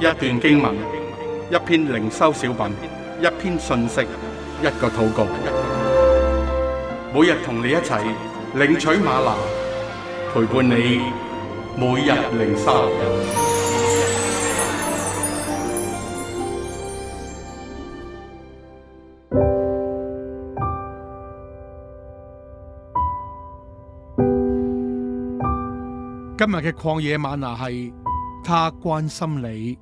一段經文，一篇靈修小品，一篇信息，一個禱告。每日同你一齊領取嗎哪，陪伴你每日靈修。今日嘅曠野嗎哪係他關心你。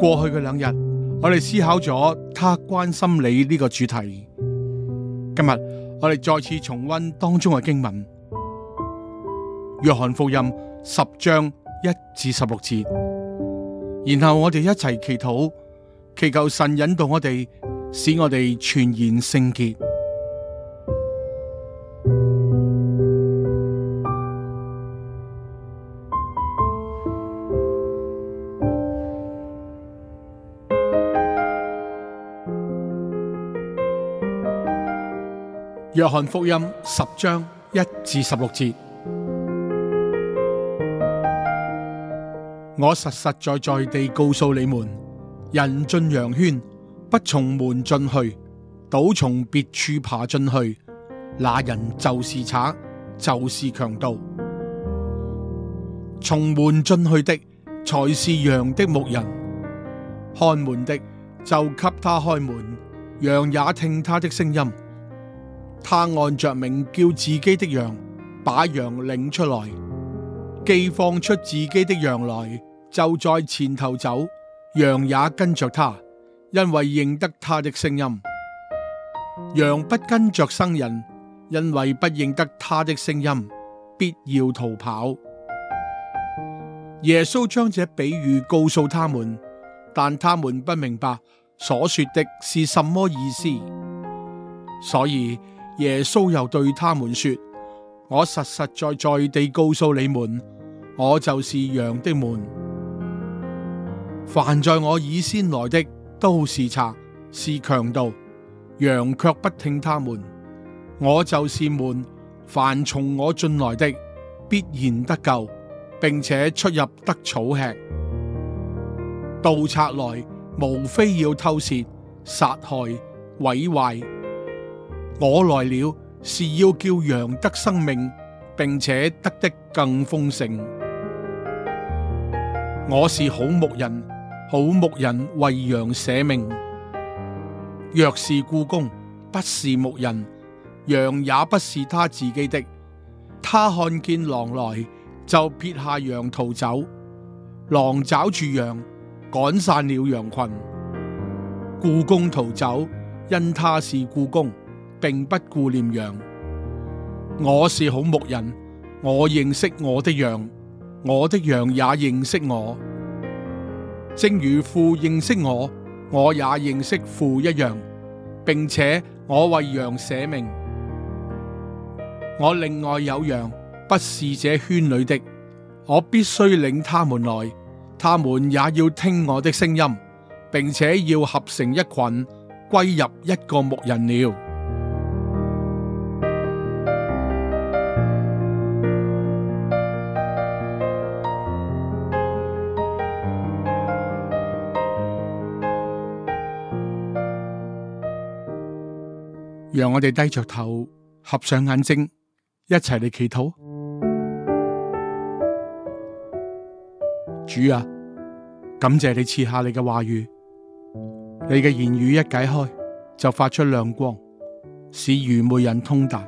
過去嘅兩日，我哋思考咗他關心你呢個主題。今日我哋再次重溫當中嘅經文《約翰福音》十章一至十六節，然後我哋一齊祈禱，祈求神引導我哋，使我哋全然聖潔。約翰福音十章一至十六節，我實實在在地告訴你們，人進羊圈不從門進去，倒從別處爬進去，那人就是賊，就是強盜。從門進去的，才是羊的牧人，看門的就給他開門，羊也聽他的聲音。他按着名叫自己的羊，把羊領出來，既放出自己的羊來，就在前頭走，羊也跟着他，因為認得他的聲音。羊不跟着生人，因為不認得他的聲音，必要逃跑。耶穌將這比喻告訴他們，但他們不明白所說的是什麼意思。所以。耶穌又對他們說：我實實在在地告訴你們，我就是羊的門。凡在我以先來的都是賊、是強盜，羊卻不聽他們。我就是門，凡從我進來的必然得救，並且出入得草吃。盜賊來，無非要偷竊、殺害、毀壞。我來了是要叫羊得生命，並且得的更豐盛。我是好牧人，好牧人為羊捨命。若是雇工，不是牧人，羊也不是他自己的。他看見狼來，就撇下羊逃走。狼抓住羊，趕散了羊群。雇工逃走，因他是雇工。並不顧念羊，我是好牧人，我認識我的羊，我的羊也認識我，正如父認識我，我也認識父一樣，並且我為羊捨命。我另外有羊，不是這圈裏的，我必須領他們來，他們也要聽我的聲音，並且要合成一群，歸入一個牧人了。讓我哋低着頭，合上眼睛，一齊嚟祈禱。主啊，感謝你賜下你嘅話語，你嘅言語一解開就發出亮光，使愚昧人通達。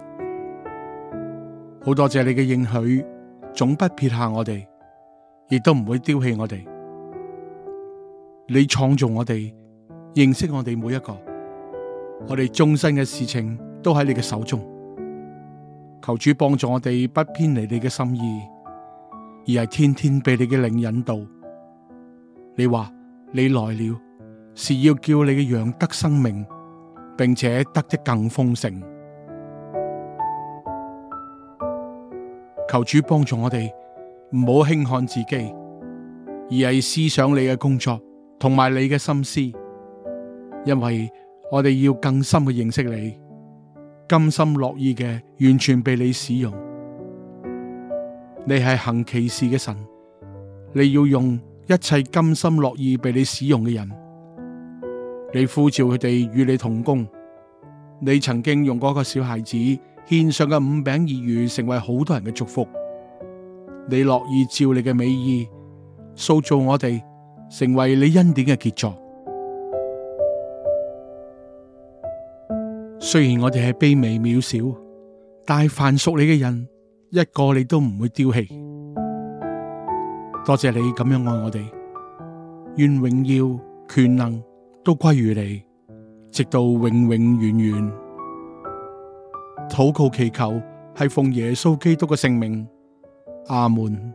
好多謝你嘅應許，總不撇下我哋，亦都唔會丟棄我哋。你創造我哋，認識我哋每一個。我哋終身嘅事情都喺你嘅手中，求主幫助我哋不偏離你嘅心意，而係天天被你嘅靈引導。你話你來了是要叫你嘅羊得生命，並且得得更豐盛。求主幫助我哋唔好輕看自己，而係思想你嘅工作同埋你嘅心思，因為。我哋要更深嘅認識你，甘心樂意嘅，完全被你使用。你係行奇事嘅神，你要用一切甘心樂意被你使用嘅人，你呼召佢哋與你同工。你曾經用過一個小孩子獻上嘅五餅二魚，成為好多人嘅祝福。你樂意照你嘅美意，塑造我哋成為你恩典嘅傑作。雖然我哋係卑微渺小，但係凡屬你嘅人一個你都唔會丟棄。多謝你咁樣愛我哋，願榮耀權能都歸於你，直到永永遠遠。禱告祈求係奉耶穌基督嘅聖名，阿門。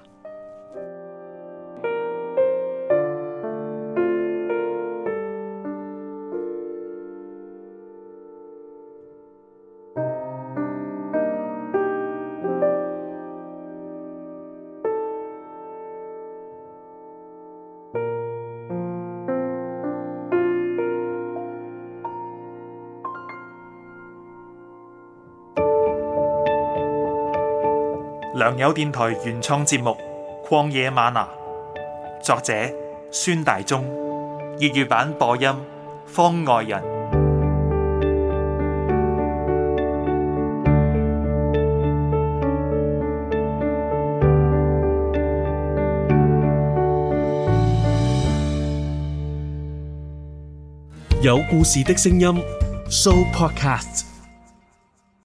良友電台原創節目《曠野嗎哪》，作者孫大中，粵語版播音方外人，有故事的聲音，Show Podcast。